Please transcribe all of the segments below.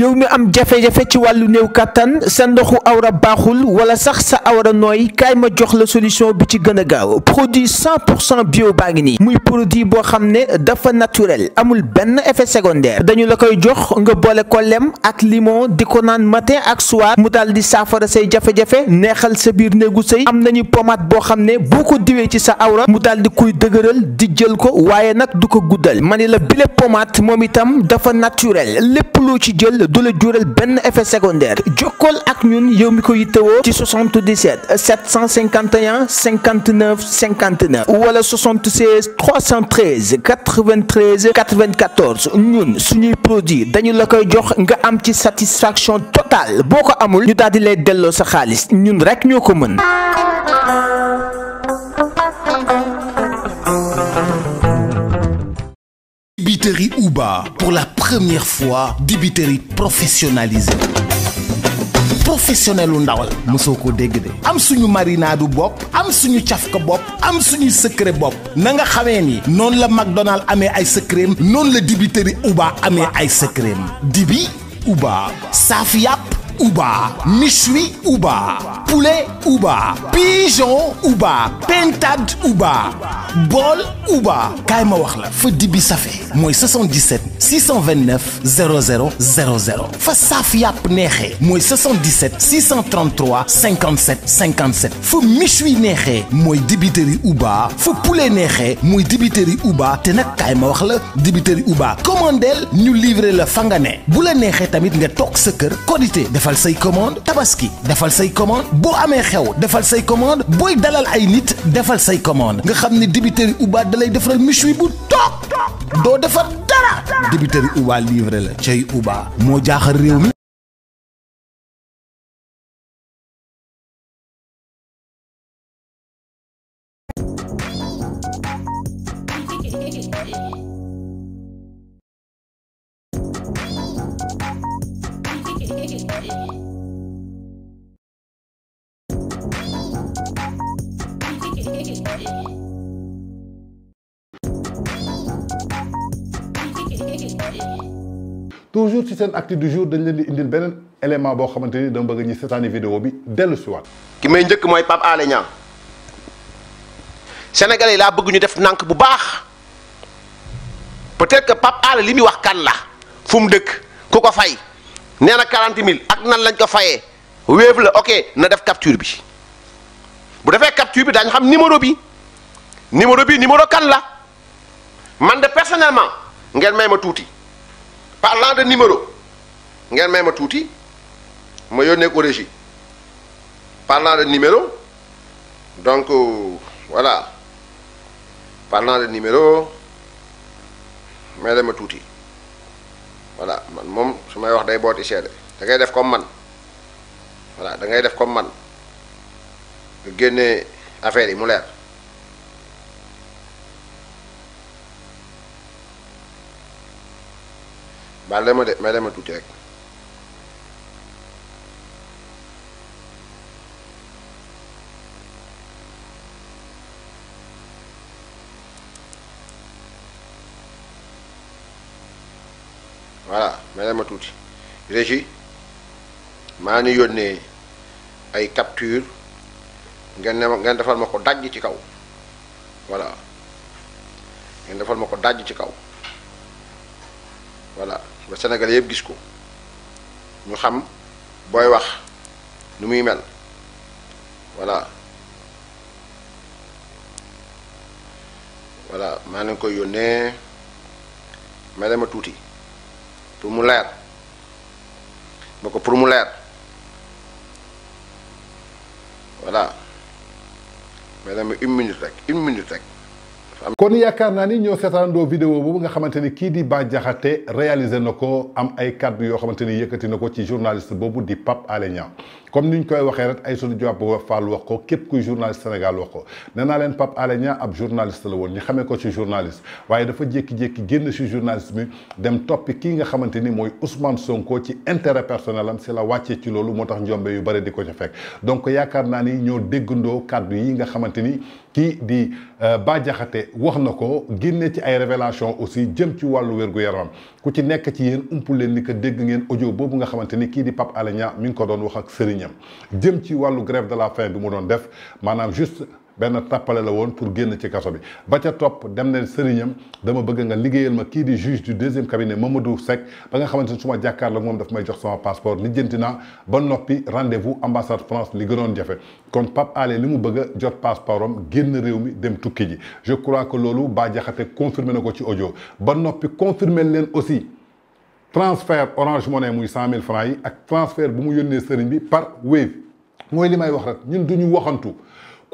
yow mi am jafe-jafe ci walu new katan sa ndoxu awra baxul wala sax sa awra noy kay ma jox la solution bi ci gëna gaaw produit 100 bio baa ngi muy produit bo xamné dafa naturel amul ben effet secondaire dañu la koy jox nga bolé ko lem ak limon diko nan matin ak soir mu daldi safara saafara say jafe-jafe neexal sa bir néegu sëy am nañu pomade bo xamné ne diwé ci sa awra mu daldi kuy dëgeural di jël ko waye nak duko guddal manila bile pomade momitam dafa naturel lépp lu ci jël d'où le durel Ben effet secondaire Jokol ak ñun yow mi ko 77 751 59 59 wala 76 313 93 94 ñun suñuy produit dañu la koy jox nga am satisfaction totale Boko amul ñu nous di lay dello sa xaliss ñun rek dibiterie Uba pour la première fois dibiterie professionnalisé professionnel on musoko la mosoo am suñu marinade bop am suñu cafka bop am suñu secret bop na nga xamé ni non la McDonald amé ay secret non la dibiterie Uba amé ay cream dibi Uba saf yap Uba méchoui Uba poulet ouba, pigeon ouba, pentade ouba, bol ouba. kaay ma wax la Fudibi dibi 77 629 0000 00 fa saaf 77 633 57 57 Fou Michui Nehe, mooy dibiteri ouba Fou poulet Nehe, mooy dibiteri ouba te nag kaay wax la ouba livrer le fangané. ne bu la neexee tamit nga tok sa kër defal commande Tabaski defal say commande boo amé xew defal say commande boy dalal ay nit defal say commande nga xamni débiteur débiteri Uba dalay defal méchoui bu tok do defal dara débiteri Uba livré la cey Uba moo jaaxal réew mi toujours ci seen acte du dañ leen di indil beneen élément boo xamante ni dama bëgg ñu seetaani vidéo bi dellu si ki may njëkk mooy Pape Alé Niang Sénégalais yi laa bëgg ñu def nànk bu baax peut-être que Pape Alé li muy wax kan la fu mu dëkk ku ko fay nee na 40 000 ak nan lañ ko fayee wéef la ok na def capture bi bu defee capture bi daañu xam numéro bi numéro bi numéro kan la man de personnellement ngeen may ma tuuti parlant de numéro ngeen may ma tuuti ma yónnee ko régie parlant de numéro donc euh, voilà parlant de numéro may ma tuuti voilà man mom sumay wax day boti sédé da ngay def comme man voilà da ngay def comme man nga affaire yi mu lèr bàlle ma de may leen tuuti rek voilà may leen ma tuuti maa ni yónnee ay capture ngeen ne defal ma ko dajj ci kaw voilà ngeen defal ma ko dajj ci kaw voilà ba Sénégal yëpp gis ko ñu xam booy wax nu muy mel voilà voilà maa na koy yónnee mele ma tuuti pour mu leer ba ko pour mu leer voilà mele ma une minute rek une minute rek kon yaakaar naa ni ñoo seetaandoo vidéo boobu nga xamante ni kii di Bah Diakhaté réalisé na ko am ay kàddu yoo xamante ni yëkkati na ko ci journaliste boobu di papp Alé Niang comme nous l'avons dit, waxee rek Aïssatou journaliste Sénégal journaliste la woon ñu ko ci journaliste dafa journalistes. ci journaliste dem Ousmane Sonko intérêt personnel C'est la ci donc nous avons ni ñoo avons kàddu yi nga qui ni fait di euh, Bah Diakhaté aussi ku ci nekk ci yéen umpul leen ni que dégg ngeen audio boobu nga xamante ni kii di Pape Alé Niang mi ko doon wax ak sëriñam jëm ci wàllu grève de la faim bi mu doon def maanaam juste ben tappale la won pour guen ci kasso bi ba ca top dem na serignam dama bëgg nga ligéyal ma kii di juge du deuxième cabinet Mamadou Seck ba nga xamante suma su la mom moom daf may jox sama passeport lijjanti naa ba nopi rendez-vous ambassade France li gënoon jafé kon pap Alé limu bëgg a jot passeport am génn réew mi dem tukki ji je crois que lolu ba jaxaté confirmer nako ci audio ba nopi confirmer leen aussi transfert Orange Money muy cent mille francs yi ak transfert bu mu yónnee serign bi par Wave moy limay wax rek ñun duñu waxantou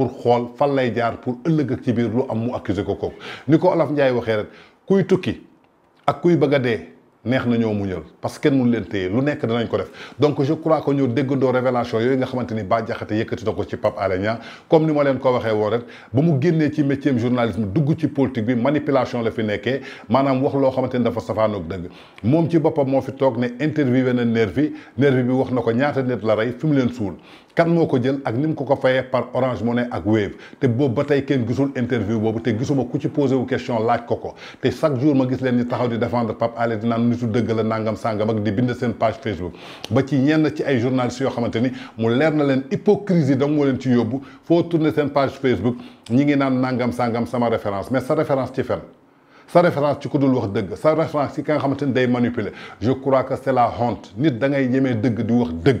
pour xol fan lay jaar pour ëllëg ak ci biir lu am mu accuser ko kooku ni ko Olaf Njaay waxee rek kuy tukki ak kuy bëgg a dee neex na ñoo muñal parce que kenn mun leen téye lu nekk danañ ko def donc je crois que ñoo déggandoo révélation yooyu nga xamante ni Bah Diakhaté yëkkati na ko ci Pape Alé comme ni ma leen ko waxee woon rek ba mu génnee ci métier journalisme dugg ci politique bi manipulation la fi nekkee maanaam wax loo xamante ni dafa safaanoog dëgg moom ci boppam moo fi toog ne interviewé na nervi nervi bi wax na ko ñaata nit la rey fi mu leen suul kan moko ko jël ak nim ko ko fayé par Orange Money ak Wave té boobu batay tey kenn gisul interview bobu té gisuma ku ci poser wu question laaj koko té chaque jour ma gis len ni taxaw di défendre Pape Alé di naan nitu dëgg la nangam sangam ak di bind sen page Facebook ba ci ñenn ci ay journalistes yo xamanteni mu leer na len hypocrisie dong moo len ci yobbu fo tourner sen page Facebook ñi ngi nan nangam sangam sama référence mais sa référence ci fen sa référence ci ku dul wax deug sa référence ci ka nga xamante day manipuler je crois que c'est la honte nit da ngay ñëmé deug di wax deug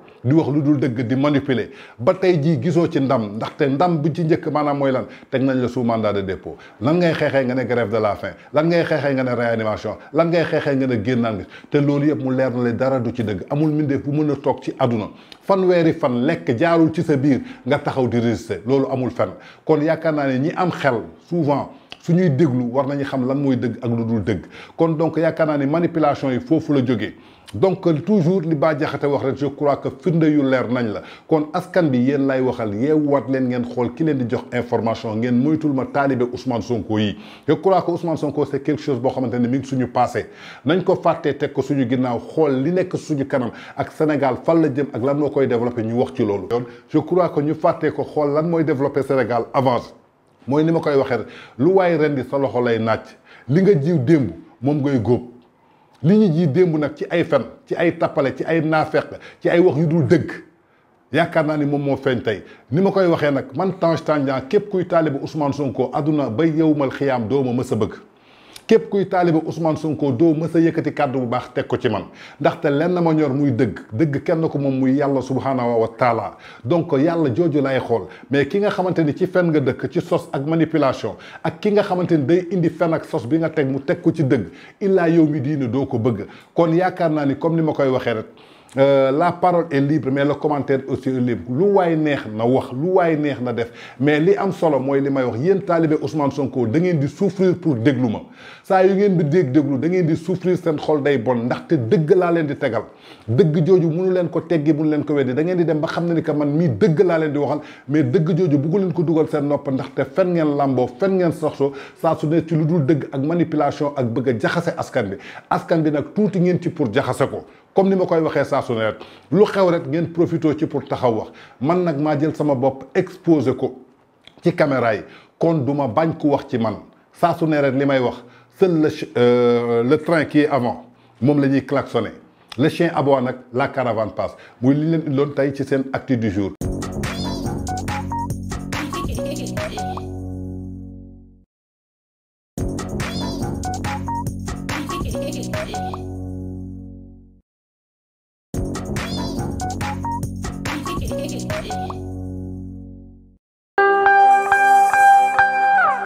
di wax lu dul dëgg di manipuler ba tey jii gisoo ci ndam ndaxte ndam bu ci njëkk maanaam mooy lan teg nañ la sous mandat de dépôt lan ngay xeexee nga ne grève de la fin lan ngay xeexee nga ne réanimation lan ngay xeexee ne génnaan te loolu yëpp mu leer na le dara du ci dëgg amul mbindeef bu mën a toog ci àdduna fanweeri fan lekk jaarul ci sa biir nga taxaw di résister loolu amul fenn kon yaakaar naa ne ñi am xel souvent suñuy déglu war nañu xam lan mooy dëgg ak lu dul dëgg kon donc manipulation yi la donc toujours li bah wax je crois que firnde yu leer nañ la kon askan bi lay waxal ki di jox information moytul ma Ousmane Sonko je crois que Ousmane Sonko c'est quelque chose boo xamante mi suñu passé nañ ko ko suñu li suñu kanam Sénégal la jëm ak lan koy je crois que ñu fàttee ko xool lan Sénégal avance. mooy ni ma koy waxee lu waaye ren di sa loxo lay naaj li nga jiw démb moom ngay góob li ñu ji démb nag ci ay fen ci ay tappale ci ay naafeq ci ay wax yu dul dëgg yaakaar naa ni moom moo feeñ tey ni ma koy waxee nag man Tange Tandian képp kuy taalibu Ousmane Sonko àdduna ba yowmal xiyaam doo ma mës a bëgg. képp kuy taaliba Ousmane Sonko doo mës a yëkkati kàddu bu baax teg ko ci man ndaxte lenn ma ñor muy dëgg dëgg kenn ko moom muy yàlla subhaanahu wa taala donc yàlla jooju lay xool mais ki nga xamante ni ci fen nga dëkk ci sos ak manipulation ak ki nga xamante ni day indi fen ak sos bi nga teg mu teg ko ci dëgg illaa yow mi diine doo ko bëgg kon yaakaar naa ni comme ni ma koy waxee rek Euh, la parole est libre mais le commentaire aussi est libre Lou waay neex na wax lou waay neex na def mais li am solo moy li may wax yeen talibé Ousmane Sonko da ngeen di souffrir pour déglu Ça yu ngeen di dégg déglu da ngeen di souffrir sen xol day bon té dëgg la leen di tégal. dëgg joju mënu leen ko teggi mënu leen ko wéddi. da ngeen di dem ba xam ni ka man mi dëgg la leen di waxal mais dëgg joju buggu leen ko duggal sen nopp ndaxte fen ngeen làmboo fen ngeen soxso saa su ne ci luddul dul dëgg ak manipulation ak bëgg jaxassé askan bi askan bi nak tuuti ngeen ci pour jaxassé ko comme ni ma koy waxé saa saa lu xew rek ngeen profito ci pour taxaw wax man nak ma jël sama bop exposer ko ci caméra yi kon duma bañ ko wax ci man saa su wax seul euh, le train qui est avant mom la ñuy le chien aboie nak la caravane passe muy li leen indiloon tey ci sen acte du jour.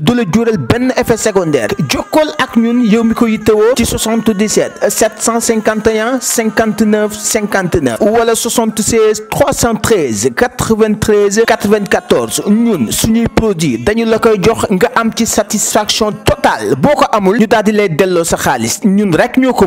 D'où le la jural effet secondaire jokkool ak ñun yow mi ko yittewoo ci 77 751 59 59 Ou wala 76 313 93 94 ñun suñuy produit dañu la koy jox nga am satisfaction totale boko amul ñu daldi lay dello sa xaliss ñun rek ñoko